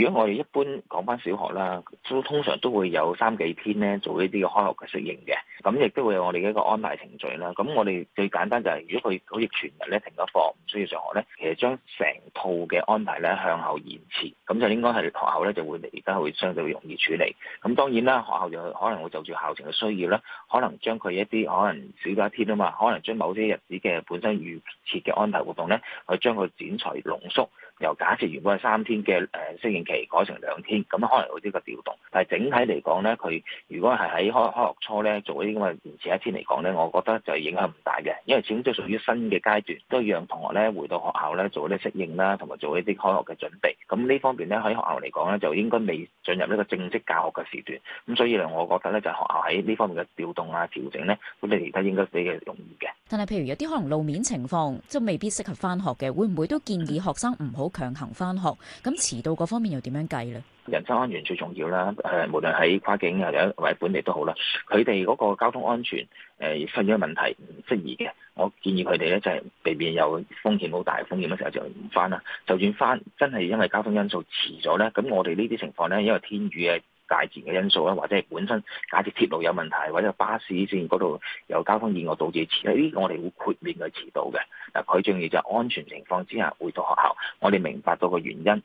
如果我哋一般講返小學啦，都通常都會有三幾篇咧做呢啲嘅開學嘅適應嘅。咁亦都會有我哋嘅一個安排程序啦。咁我哋最簡單就係，如果佢好似全日咧停咗課，唔需要上學咧，其實將成套嘅安排咧向後延遲，咁就應該係學校咧就會而家會相對容易處理。咁當然啦，學校就可能會就住校情嘅需要咧，可能將佢一啲可能少咗一天啊嘛，可能將某些日子嘅本身預設嘅安排活動咧，去將佢剪裁濃縮，由假設原本係三天嘅誒適應期改成兩天，咁可能會有啲個調動。但係整體嚟講咧，佢如果係喺開開學初咧做一啲因為延遲一天嚟講咧，我覺得就係影響唔大嘅，因為始終都屬於新嘅階段，都要讓同學咧回到學校咧做啲適應啦，同埋做一啲開學嘅準備。咁呢方面咧，喺學校嚟講咧，就應該未進入呢個正式教學嘅時段，咁所以咧，我覺得咧就係、是、學校喺呢方面嘅調動啊、調整咧，咁你嚟睇應該比較容易嘅。但係，譬如有啲可能路面情況，就未必適合返學嘅，會唔會都建議學生唔好強行返學？咁遲到嗰方面又點樣計咧？人身安全最重要啦，誒，無論喺跨境呀或者本地都好啦，佢哋嗰個交通安全誒發現咗問題，唔適宜嘅，我建議佢哋咧就係避免有風險好大風險嘅時候就唔返啦。就算返，真係因為交通因素遲咗咧，咁我哋呢啲情況咧，因為天雨嘅。大自然嘅因素啦，或者係本身假設鐵路有問題，或者巴士線嗰度有交通意外導致遲，呢個我哋會豁免佢遲到嘅。嗱，佢仲要就係安全情況之下回到學校，我哋明白到個原因，咁呢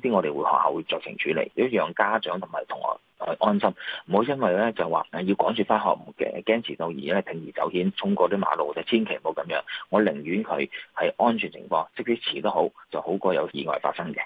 啲我哋會學校會酌情處理，如果讓家長同埋同學去安心，唔好因為咧就話要趕住翻學，驚驚遲到而咧鋌而走險衝過啲馬路，就千祈唔好咁樣。我寧願佢係安全情況，即使遲都好，就好過有意外發生嘅。